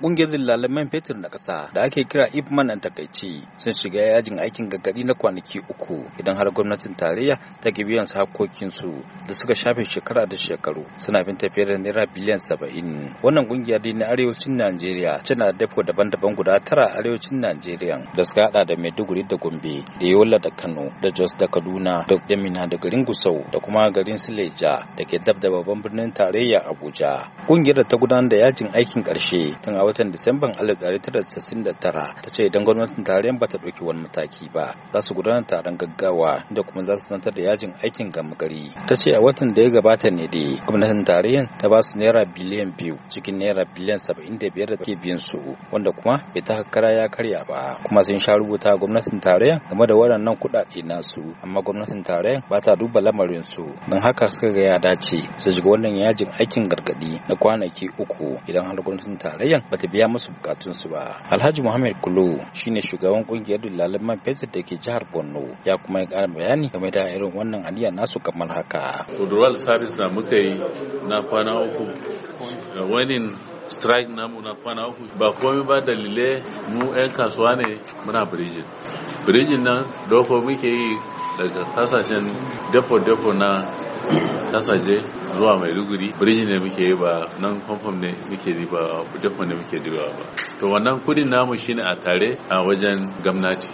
kungiyar dillalan fetur na kasa da ake kira ipman a takaici sun shiga yajin aikin gaggadi na kwanaki uku idan har gwamnatin tarayya ta ki biyan su hakokinsu da suka shafe shekara da shekaru suna bin tafiyar da naira biliyan saba'in wannan kungiya dai na arewacin najeriya tana da dafo daban-daban guda tara a arewacin najeriya da suka hada da maiduguri da gombe da yola da kano da jos da kaduna da yamina da garin gusau da kuma garin sileja da ke dab da babban birnin tarayya abuja kungiyar da ta gudanar da yajin aikin karshe tun a watan Disamban 1999 ta ce idan gwamnatin tarayyar ba ta ɗauki wani mataki ba za su gudanar taron gaggawa da kuma za su sanar da yajin aikin gama gari. Ta ce a watan da ya gabata ne dai gwamnatin tarayyar ta ba su naira biliyan biyu cikin naira biliyan saba'in da biyar da ke biyan su wanda kuma bai ta kara ya karya ba kuma sun sha rubuta gwamnatin tarayyar game da waɗannan kuɗaɗe nasu amma gwamnatin tarayyar ba ta duba lamarin su don haka suka ga ya dace su shiga wannan yajin aikin gargaɗi na kwanaki uku idan har gwamnatin tarayyar ba ta biya musu bukatunsu ba alhaji muhammad kulo shine shugaban kungiyar dillalin man fetur da ke jihar borno ya kuma yi karin bayani game da irin wannan aliya nasu kamar haka kudurwal service na muka yi na kwana uku wani strike namu na kwana uku ba komai ba dalilai mu 'yan kasuwa ne muna birijin birijin nan doko muke yi daga kasashen dafo-dafo na kasaje zuwa maiduguri birijin ne muke yi ba nan kwamfam ne muke yi ba dafo ne muke yi ba to wannan kudin namu shine a tare a wajen gamnati.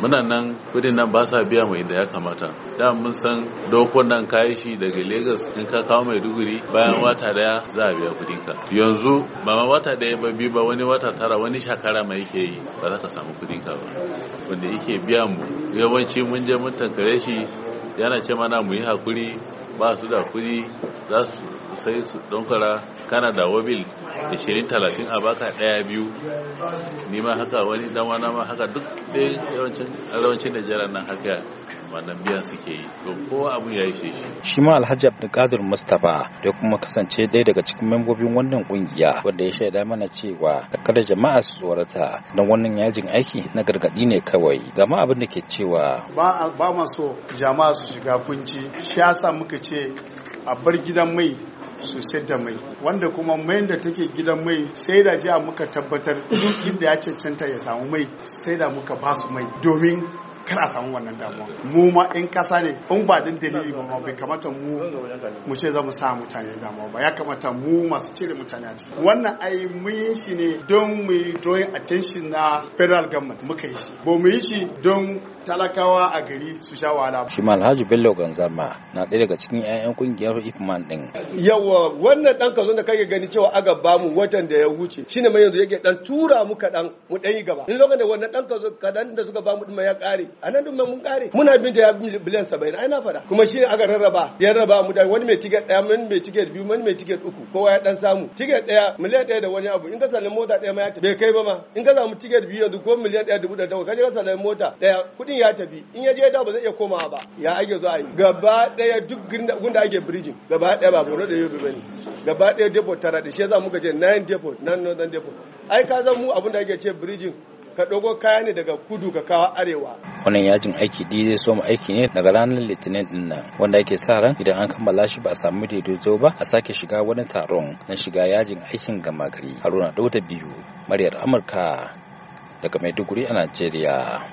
muna nan kudin nan ba sa biya mai inda ya kamata da mun san dokon nan kayi shi daga Lagos in ka kawo mai duguri bayan wata daya za a biya kudin ka yanzu ba ma wata daya ba biyu ba wani wata tara wani shakara mai yake yi ba za ka samu kudin ka ba wanda yake biya mu yawanci mun je mun tankare shi yana ce mana mu yi hakuri ba su da kudi za su sai su donkara kana da wabil 20-30 a baka daya biyu ni ma haka wani dan ma haka duk da yawancin da jiran nan haka wannan shi ma alhaji abdulkadir mustapha da kuma kasance ɗaya daga cikin membobin wannan kungiya wanda ya shaida mana cewa kada jama'a su tsorata don wannan yajin aiki na gargaɗi ne kawai gama abin da ke cewa ba ma so jama'a su shiga kunci shi yasa muka ce a bar gidan mai su da mai wanda kuma mai da take gidan mai sai da a muka tabbatar inda ya cancanta ya samu mai sai da muka ba su mai domin kar a samu wannan damuwa mu ma in kasa ne in ba din dalili ba ma bai kamata mu mu ce za mu sa mutane damuwa ba ya kamata mu masu cire mutane a ciki wannan ai mun yi shi ne don mu yi drawing attention na federal government muka yi shi ba mu yi shi don talakawa a gari su sha wahala. Shi Alhaji Bello Ganzarma na ɗaya daga cikin 'ya'yan kungiyar Ifman ɗin. Yawa wannan dan kazo da kake gani cewa aka ba mu watan da ya wuce shine mai yanzu yake dan tura mu kaɗan mu ɗan yi gaba. In lokacin da wannan dan kazo kadan da suka ba mu ya kare a nan din mun kare muna bin da ya biliyan saba'in ai na faɗa kuma shi aka rarraba ya rarraba mu da wani mai tiket ɗaya wani mai tiket biyu wani mai tiket uku kowa ya dan samu tiket ɗaya miliyan ɗaya da wani abu in ka sallin mota ɗaya ma ya tafi bai kai ba ma in ka samu tiket biyu yanzu ko miliyan ɗaya dubu da takwas kaje ka sallin mota ɗaya kuɗin ya tafi in ya je da ba zai iya komawa ba ya ake zo a yi gaba ɗaya duk gunda ake birjin gaba ɗaya ba bono da yobe bane gaba ɗaya depot tara da shi ya za mu gaje nine depot nan nan depot ai ka zan mu abin da ake ce birjin ka dogo kaya ne daga kudu ka kawo arewa. Wannan yajin aiki dai zai so mu aiki ne daga ranar Litinin din nan wanda yake sa ran idan an kammala shi ba a samu daidaito ba a sake shiga wani taron na shiga yajin aikin gama gari. Haruna Dauda biyu, maryar Amurka daga Maiduguri a Najeriya.